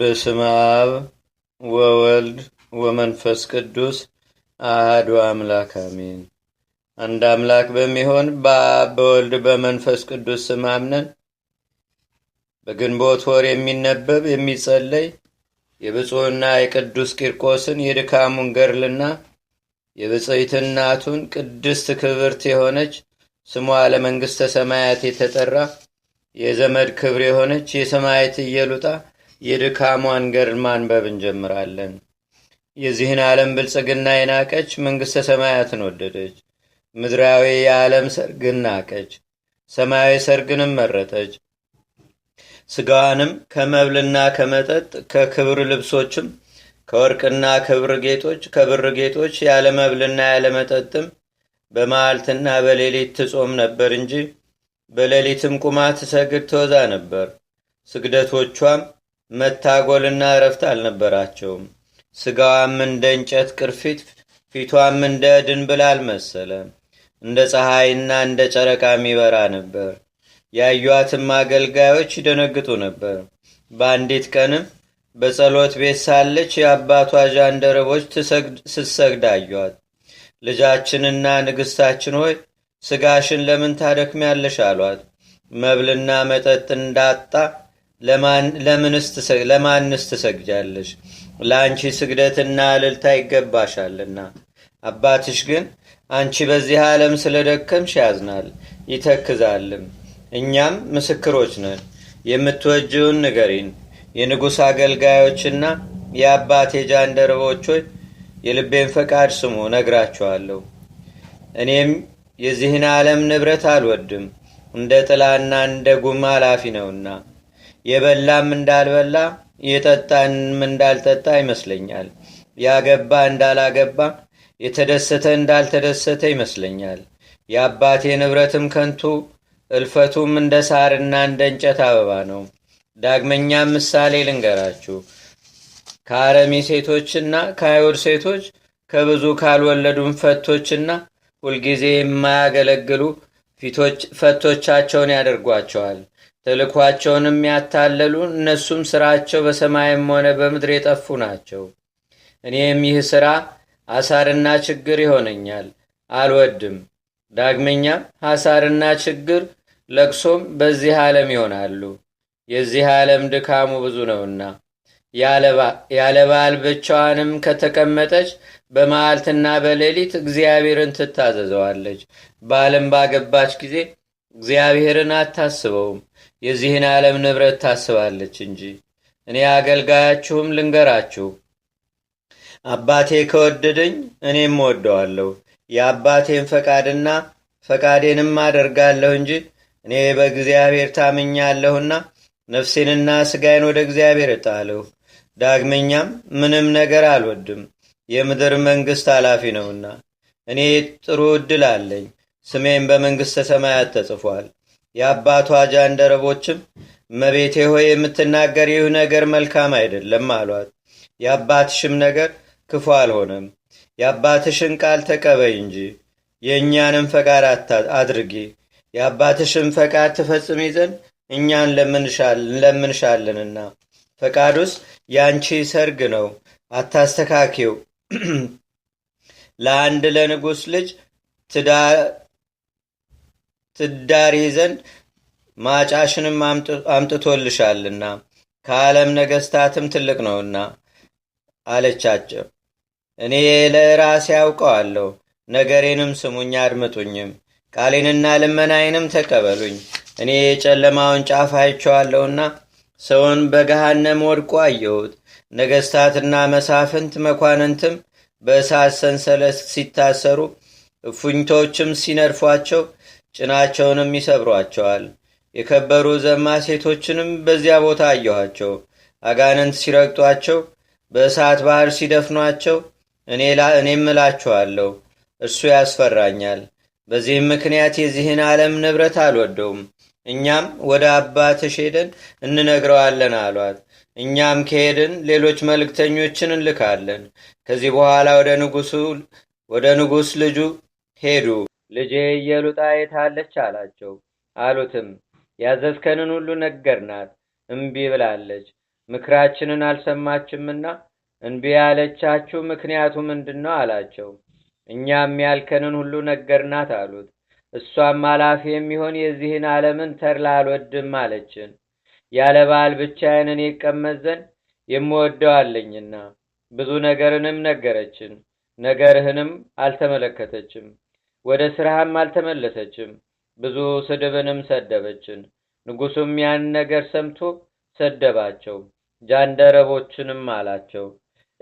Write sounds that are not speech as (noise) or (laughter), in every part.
በስመ አብ ወወልድ ወመንፈስ ቅዱስ አህዱ አምላክ አሜን። አንድ አምላክ በሚሆን በአብ በወልድ በመንፈስ ቅዱስ ስም አምነን በግንቦት ወር የሚነበብ የሚጸለይ የብፁዕና የቅዱስ ቂርቆስን የድካሙን ገርልና የብፅዕት እናቱን ቅድስት ክብርት የሆነች ስሟ ለመንግሥተ ሰማያት የተጠራ የዘመድ ክብር የሆነች የሰማያት እየሉጣ የድካሟን ገድል ማንበብ እንጀምራለን። የዚህን ዓለም ብልጽግና የናቀች መንግሥተ ሰማያትን ወደደች። ምድራዊ የዓለም ሰርግን ናቀች፣ ሰማያዊ ሰርግንም መረጠች። ስጋዋንም ከመብልና ከመጠጥ ከክብር ልብሶችም ከወርቅና ክብር ጌቶች ከብር ጌጦች ያለ መብልና ያለ መጠጥም በሌሊት ትጾም ነበር እንጂ በሌሊትም ቁማ ትሰግድ ትወዛ ነበር። ስግደቶቿም መታጎልና እረፍት አልነበራቸውም። ስጋዋም እንደ እንጨት ቅርፊት፣ ፊቷም እንደ ድንብል አልመሰለ እንደ ፀሐይና እንደ ጨረቃ የሚበራ ነበር። ያዩትም አገልጋዮች ይደነግጡ ነበር። በአንዲት ቀንም በጸሎት ቤት ሳለች የአባቷ ጃንደረቦች ስትሰግድ አዩት ልጃችንና ንግሥታችን ሆይ ስጋሽን ለምን ታደክሚያለሽ? አሏት። መብልና መጠጥ እንዳጣ ለማንስ ትሰግጃለሽ? ለአንቺ ስግደትና እልልታ ይገባሻልና። አባትሽ ግን አንቺ በዚህ ዓለም ስለደከምሽ ያዝናል ይተክዛልም። እኛም ምስክሮች ነን። የምትወጅውን ንገሪን። የንጉሥ አገልጋዮችና የአባቴ ጃንደረቦች ሆይ የልቤን ፈቃድ ስሙ፣ ነግራችኋለሁ። እኔም የዚህን ዓለም ንብረት አልወድም፣ እንደ ጥላና እንደ ጉም አላፊ ነውና የበላም እንዳልበላ የጠጣንም እንዳልጠጣ ይመስለኛል። ያገባ እንዳላገባ የተደሰተ እንዳልተደሰተ ይመስለኛል። የአባቴ ንብረትም ከንቱ እልፈቱም እንደ ሳርና እንደ እንጨት አበባ ነው። ዳግመኛም ምሳሌ ልንገራችሁ። ከአረሚ ሴቶችና ከአይሁድ ሴቶች ከብዙ ካልወለዱም ፈቶችና ሁልጊዜ የማያገለግሉ ፈቶቻቸውን ያደርጓቸዋል። ተልኳቸውንም ያታለሉ እነሱም ስራቸው በሰማይም ሆነ በምድር የጠፉ ናቸው። እኔም ይህ ስራ አሳርና ችግር ይሆነኛል፣ አልወድም። ዳግመኛም አሳርና ችግር ለቅሶም በዚህ ዓለም ይሆናሉ። የዚህ ዓለም ድካሙ ብዙ ነውና ያለ በዓል ብቻዋንም ከተቀመጠች በማዓልትና በሌሊት እግዚአብሔርን ትታዘዘዋለች። በዓልም ባገባች ጊዜ እግዚአብሔርን አታስበውም። የዚህን ዓለም ንብረት ታስባለች እንጂ። እኔ አገልጋያችሁም ልንገራችሁ፣ አባቴ ከወደደኝ እኔም ወደዋለሁ፣ የአባቴን ፈቃድና ፈቃዴንም አደርጋለሁ እንጂ እኔ በእግዚአብሔር ታምኛለሁና ነፍሴንና ስጋዬን ወደ እግዚአብሔር እጣለሁ። ዳግመኛም ምንም ነገር አልወድም፣ የምድር መንግሥት ኃላፊ ነውና። እኔ ጥሩ ዕድል አለኝ፣ ስሜም በመንግሥተ ሰማያት ተጽፏል። የአባቷ ጃንደረቦችም መቤቴ ሆይ ይህ ነገር መልካም አይደለም አሏት። የአባትሽም ነገር ክፉ አልሆነም። የአባትሽን ቃል ተቀበይ እንጂ የእኛንም ፈቃድ አድርጊ። የአባትሽን ፈቃድ ትፈጽም ይዘን እኛን ለምንሻለንና ፈቃዱስ ያንቺ ሰርግ ነው፣ አታስተካኪው። (clears throat) ለአንድ ለንጉሥ ልጅ ትዳሪ ዘንድ ማጫሽንም አምጥቶልሻልና ከዓለም ነገሥታትም ትልቅ ነውና አለቻቸው። እኔ ለራሴ ያውቀዋለሁ። ነገሬንም ስሙኝ አድምጡኝም፣ ቃሌንና ልመናዬንም ተቀበሉኝ። እኔ የጨለማውን ጫፍ አይቸዋለሁና ሰውን በገሃነም ወድቆ አየሁት። ነገሥታትና መሳፍንት መኳንንትም በእሳት ሰንሰለት ሲታሰሩ እፉኝቶችም ሲነድፏቸው ጭናቸውንም ይሰብሯቸዋል። የከበሩ ዘማ ሴቶችንም በዚያ ቦታ አየኋቸው። አጋንንት ሲረግጧቸው፣ በእሳት ባህር ሲደፍኗቸው እኔም እላችኋለሁ እርሱ ያስፈራኛል። በዚህም ምክንያት የዚህን ዓለም ንብረት አልወደውም። እኛም ወደ አባትሽ ሄደን እንነግረዋለን አሏት። እኛም ከሄድን ሌሎች መልእክተኞችን እንልካለን። ከዚህ በኋላ ወደ ንጉሥ ልጁ ሄዱ። ልጄ እየሉጣ የታለች አላቸው አሉትም ያዘዝከንን ሁሉ ነገርናት እምቢ ብላለች ምክራችንን አልሰማችምና እንቢ ያለቻችሁ ምክንያቱ ምንድን ነው አላቸው እኛም ያልከንን ሁሉ ነገርናት አሉት እሷም አላፊ የሚሆን የዚህን ዓለምን ተድላ አልወድም አለችን ያለ ባል ብቻዬንን ይቀመጥ ዘንድ የምወደው አለኝና ብዙ ነገርንም ነገረችን ነገርህንም አልተመለከተችም ወደ ስራህም አልተመለሰችም። ብዙ ስድብንም ሰደበችን። ንጉሱም ያን ነገር ሰምቶ ሰደባቸው። ጃንደረቦችንም አላቸው፣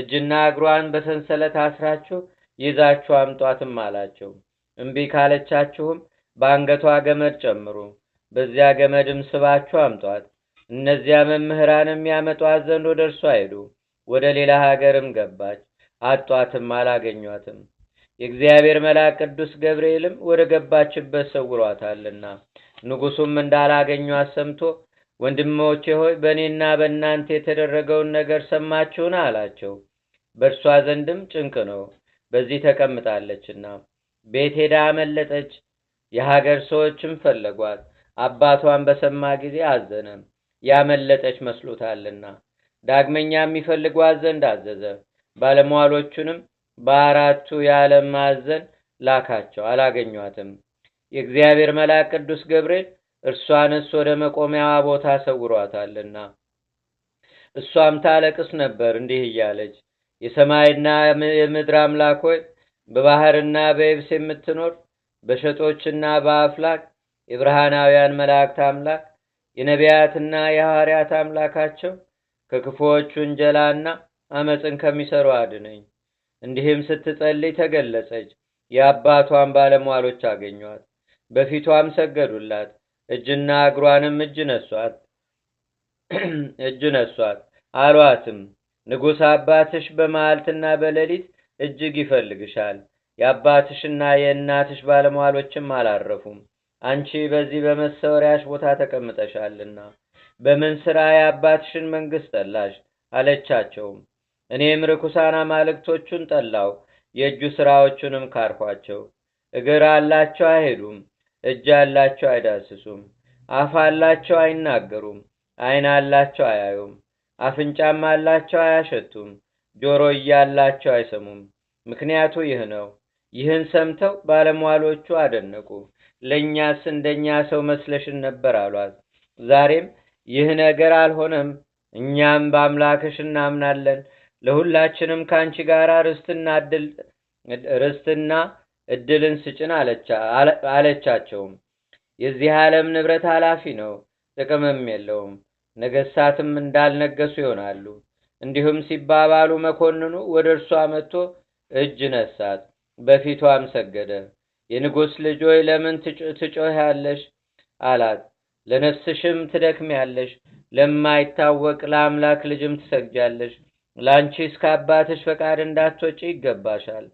እጅና እግሯን በሰንሰለት አስራችሁ ይዛችሁ አምጧትም አላቸው። እምቢ ካለቻችሁም በአንገቷ ገመድ ጨምሩ፣ በዚያ ገመድም ስባችሁ አምጧት። እነዚያ መምህራንም ያመጧት ዘንድ ወደ እርሷ ሄዱ። ወደ ሌላ ሀገርም ገባች፣ አጧትም፣ አላገኟትም። የእግዚአብሔር መልአክ ቅዱስ ገብርኤልም ወደ ገባችበት ሰውሯታልና ንጉሱም እንዳላገኙ አሰምቶ ወንድሞቼ ሆይ በእኔና በእናንተ የተደረገውን ነገር ሰማችሁን አላቸው በእርሷ ዘንድም ጭንቅ ነው በዚህ ተቀምጣለችና ቤት ሄዳ አመለጠች የሀገር ሰዎችም ፈለጓት አባቷን በሰማ ጊዜ አዘነ ያመለጠች መስሎታልና ዳግመኛ የሚፈልጓት ዘንድ አዘዘ ባለሟሎቹንም በአራቱ የዓለም ማዕዘን ላካቸው፣ አላገኟትም። የእግዚአብሔር መልአክ ቅዱስ ገብርኤል እሱ ወደ መቆሚያዋ ቦታ ሰውሯታልና እሷም ታለቅስ ነበር እንዲህ እያለች የሰማይና የምድር አምላክ ሆይ በባህርና በየብስ የምትኖር በሸጦችና በአፍላቅ የብርሃናውያን መላእክት አምላክ የነቢያትና የሐዋርያት አምላካቸው ከክፉዎቹ እንጀላና አመፅን ከሚሰሩ አድነኝ እንዲህም ስትጸልይ ተገለጸች። የአባቷን ባለሟሎች አገኟት፣ በፊቷም ሰገዱላት። እጅና እግሯንም እጅ ነሷት (clears throat) እጅ ነሷት አሏትም፣ ንጉሥ አባትሽ በመዓልትና በሌሊት እጅግ ይፈልግሻል። የአባትሽና የእናትሽ ባለሟሎችም አላረፉም፣ አንቺ በዚህ በመሰወሪያሽ ቦታ ተቀምጠሻልና። በምን ሥራ የአባትሽን መንግሥት ጠላሽ? አለቻቸውም እኔም ርኩሳን አማልክቶቹን ጠላው፣ የእጁ ሥራዎቹንም ካርኳቸው። እግር አላቸው አይሄዱም፣ እጅ አላቸው አይዳስሱም፣ አፍ አላቸው አይናገሩም፣ ዓይን አላቸው አያዩም፣ አፍንጫም አላቸው አያሸቱም፣ ጆሮ እያላቸው አይሰሙም። ምክንያቱ ይህ ነው። ይህን ሰምተው ባለሟሎቹ አደነቁ። ለእኛስ እንደኛ ሰው መስለሽን ነበር አሏት። ዛሬም ይህ ነገር አልሆነም፣ እኛም በአምላክሽ እናምናለን ለሁላችንም ከአንቺ ጋር ርስትና እድል ርስትና እድልን ስጭን አለቻቸውም። የዚህ ዓለም ንብረት ኃላፊ ነው፣ ጥቅምም የለውም። ነገሥታትም እንዳልነገሱ ይሆናሉ። እንዲሁም ሲባባሉ መኮንኑ ወደ እርሷ መጥቶ እጅ ነሳት፣ በፊቷም ሰገደ። የንጉሥ ልጅ ሆይ ለምን ትጮኺያለሽ? አላት። ለነፍስሽም ትደክሚያለሽ፣ ለማይታወቅ ለአምላክ ልጅም ትሰግጃለሽ። ለአንቺ እስከ አባትሽ ፈቃድ እንዳትወጪ ይገባሻል።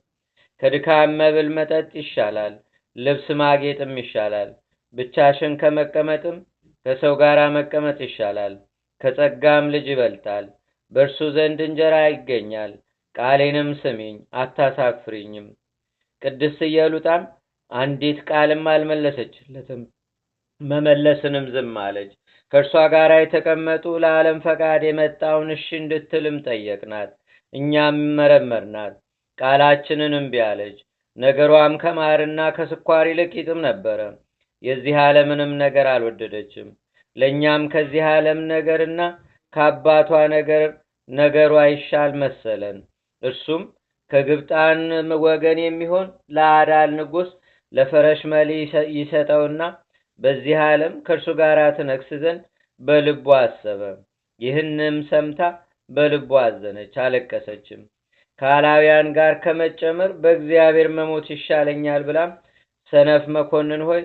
ከድካም መብል መጠጥ ይሻላል፣ ልብስ ማጌጥም ይሻላል። ብቻሽን ከመቀመጥም ከሰው ጋር መቀመጥ ይሻላል። ከጸጋም ልጅ ይበልጣል። በእርሱ ዘንድ እንጀራ ይገኛል። ቃሌንም ስሚኝ አታሳፍሪኝም። ቅድስት እየሉጣም አንዲት ቃልም አልመለሰችለትም፣ መመለስንም ዝም አለች። ከእርሷ ጋር የተቀመጡ ለዓለም ፈቃድ የመጣውን እሺ እንድትልም ጠየቅናት። እኛም መረመርናት፣ ቃላችንን እምቢ አለች። ነገሯም ከማርና ከስኳር ይልቅ ይጥም ነበረ። የዚህ ዓለምንም ነገር አልወደደችም። ለእኛም ከዚህ ዓለም ነገርና ከአባቷ ነገር ነገሯ ይሻል መሰለን። እርሱም ከግብጣን ወገን የሚሆን ለአዳል ንጉሥ መሊ ይሰጠውና በዚህ ዓለም ከእርሱ ጋር ትነግስ ዘንድ በልቡ አሰበ። ይህንም ሰምታ በልቡ አዘነች፣ አለቀሰችም። ከአላውያን ጋር ከመጨመር በእግዚአብሔር መሞት ይሻለኛል ብላም ሰነፍ መኮንን ሆይ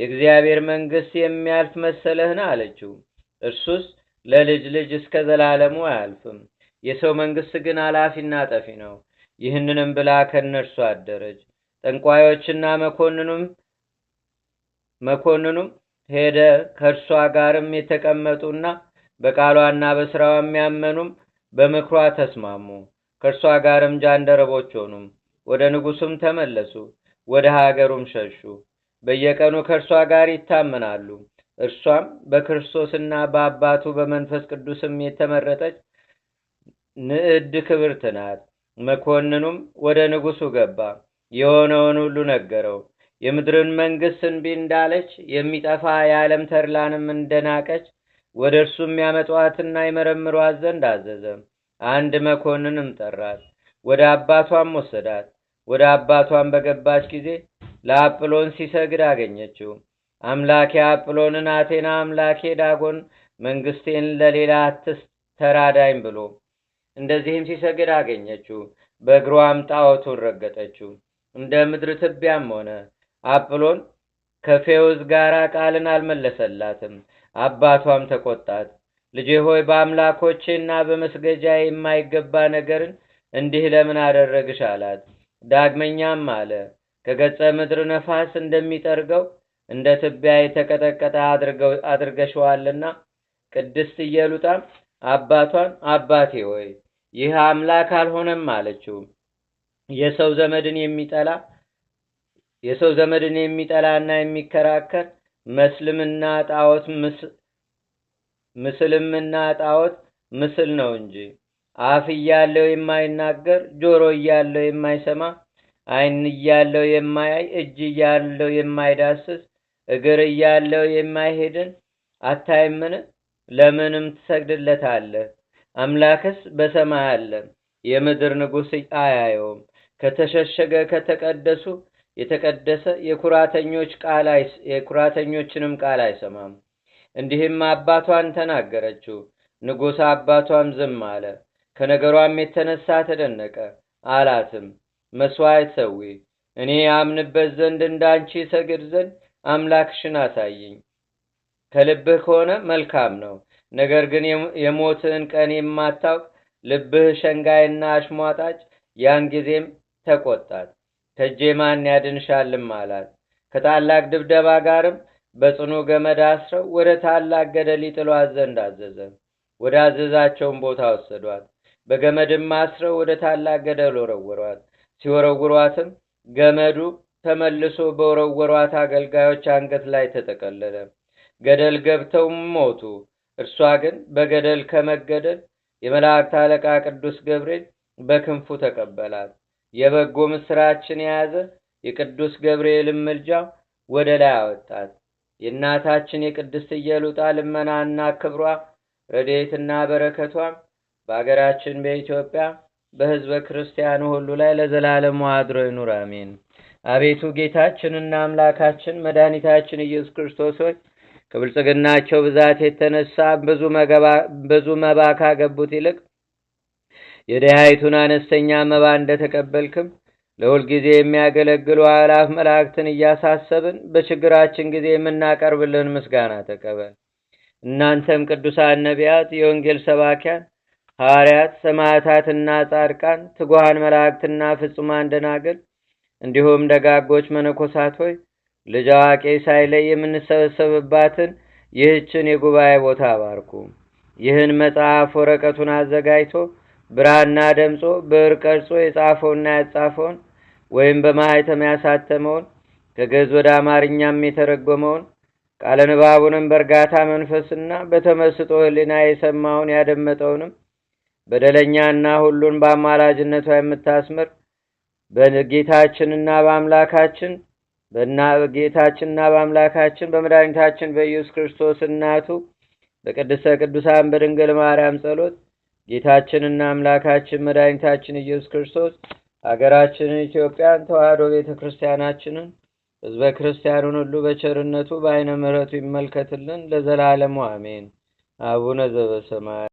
የእግዚአብሔር መንግሥት የሚያልፍ መሰለህን አለችው። እርሱስ ለልጅ ልጅ እስከ ዘላለሙ አያልፍም፣ የሰው መንግሥት ግን አላፊና ጠፊ ነው። ይህንንም ብላ ከእነርሱ አደረች። ጠንቋዮችና መኮንኑም መኮንኑም ሄደ። ከእርሷ ጋርም የተቀመጡና በቃሏና በስራዋ የሚያመኑም በምክሯ ተስማሙ። ከእርሷ ጋርም ጃንደረቦች ሆኑ። ወደ ንጉሱም ተመለሱ፣ ወደ ሀገሩም ሸሹ። በየቀኑ ከእርሷ ጋር ይታመናሉ። እርሷም በክርስቶስና በአባቱ በመንፈስ ቅዱስም የተመረጠች ንዕድ ክብርት ናት። መኮንኑም ወደ ንጉሱ ገባ፣ የሆነውን ሁሉ ነገረው። የምድርን መንግሥት እንቢ እንዳለች የሚጠፋ የዓለም ተድላንም እንደናቀች ወደ እርሱ የሚያመጧትና ይመረምሯት ዘንድ አዘዘ አንድ መኮንንም ጠራት ወደ አባቷም ወሰዳት ወደ አባቷም በገባች ጊዜ ለአጵሎን ሲሰግድ አገኘችው አምላኬ አጵሎንን አቴና አምላኬ ዳጎን መንግስቴን ለሌላ አትስጥ ተራዳኝ ብሎ እንደዚህም ሲሰግድ አገኘችው በእግሯም ጣዖቱን ረገጠችው እንደ ምድር ትቢያም ሆነ አጵሎን ከፌውዝ ጋር ቃልን አልመለሰላትም። አባቷም ተቆጣት። ልጄ ሆይ በአምላኮቼና በመስገጃ የማይገባ ነገርን እንዲህ ለምን አደረግሽ አላት። ዳግመኛም አለ ከገጸ ምድር ነፋስ እንደሚጠርገው እንደ ትቢያ የተቀጠቀጠ አድርገሸዋልና ቅድስት ኢየሉጣም አባቷን አባቴ ሆይ ይህ አምላክ አልሆነም አለችው። የሰው ዘመድን የሚጠላ የሰው ዘመድን የሚጠላና የሚከራከር መስልምና ጣዖት ምስልምና ጣዖት ምስል ነው እንጂ አፍ እያለው የማይናገር ጆሮ እያለው የማይሰማ አይን እያለው የማያይ እጅ እያለው የማይዳስስ እግር እያለው የማይሄድን አታይምን ለምንም ትሰግድለታለህ አምላክስ በሰማይ አለ የምድር ንጉሥ አያየውም ከተሸሸገ ከተቀደሱ የተቀደሰ የኩራተኞች ቃል የኩራተኞችንም ቃል አይሰማም። እንዲህም አባቷን ተናገረችው። ንጉሥ አባቷም ዝም አለ። ከነገሯም የተነሳ ተደነቀ። አላትም መስዋዕት ሰዊ፣ እኔ አምንበት ዘንድ እንዳንቺ ሰግድ ዘንድ አምላክሽን አሳይኝ። ከልብህ ከሆነ መልካም ነው። ነገር ግን የሞትህን ቀን የማታውቅ ልብህ ሸንጋይና አሽሟጣጭ፣ ያን ጊዜም ተቆጣት። ከእጄ ማን ያድንሻልም አላት። ከታላቅ ድብደባ ጋርም በጽኑ ገመድ አስረው ወደ ታላቅ ገደል ይጥሏት ዘንድ አዘዘ። ወደ አዘዛቸውን ቦታ ወሰዷት። በገመድም አስረው ወደ ታላቅ ገደል ወረወሯት። ሲወረውሯትም ገመዱ ተመልሶ በወረወሯት አገልጋዮች አንገት ላይ ተጠቀለለ። ገደል ገብተው ሞቱ። እርሷ ግን በገደል ከመገደል የመላእክት አለቃ ቅዱስ ገብርኤል በክንፉ ተቀበላት። የበጎ ምስራችን የያዘ የቅዱስ ገብርኤልን ምልጃ ወደ ላይ አወጣት። የእናታችን የቅድስት ኢየሉጣ ልመናና ክብሯ ረዴትና በረከቷም በአገራችን በኢትዮጵያ በሕዝበ ክርስቲያኑ ሁሉ ላይ ለዘላለሙ አድሮ ይኑር፣ አሜን። አቤቱ ጌታችንና አምላካችን መድኃኒታችን ኢየሱስ ክርስቶስ ሆይ ከብልጽግናቸው ብዛት የተነሳ ብዙ መባ ካገቡት ይልቅ የድሃይቱን አነስተኛ መባ እንደተቀበልክም ለሁልጊዜ የሚያገለግሉ አላፍ መላእክትን እያሳሰብን በችግራችን ጊዜ የምናቀርብልን ምስጋና ተቀበል እናንተም ቅዱሳን ነቢያት የወንጌል ሰባኪያን ሐዋርያት ሰማዕታትና ጻድቃን ትጉሃን መላእክትና ፍጹማን ደናግል እንዲሁም ደጋጎች መነኮሳት ሆይ ልጅ አዋቂ ሳይለይ የምንሰበሰብባትን ይህችን የጉባኤ ቦታ አባርኩ ይህን መጽሐፍ ወረቀቱን አዘጋጅቶ ብራና ደምጾ ብር ቀርጾ የጻፈውና ያጻፈውን ወይም በማኅተም ያሳተመውን ከገዝ ወደ አማርኛም የተረጎመውን ቃለ ንባቡንም በእርጋታ መንፈስና በተመስጦ ህሊና የሰማውን ያደመጠውንም በደለኛና ሁሉን በአማላጅነቷ የምታስምር በጌታችንና በአምላካችን በጌታችንና በአምላካችን በመድኃኒታችን በኢየሱስ ክርስቶስ እናቱ በቅድስተ ቅዱሳን በድንግል ማርያም ጸሎት ጌታችንና አምላካችን መድኃኒታችን ኢየሱስ ክርስቶስ አገራችንን ኢትዮጵያን ተዋህዶ ቤተ ክርስቲያናችንን ህዝበ ክርስቲያኑን ሁሉ በቸርነቱ በአይነ ምረቱ ይመልከትልን ለዘላለሙ አሜን። አቡነ ዘበሰማ።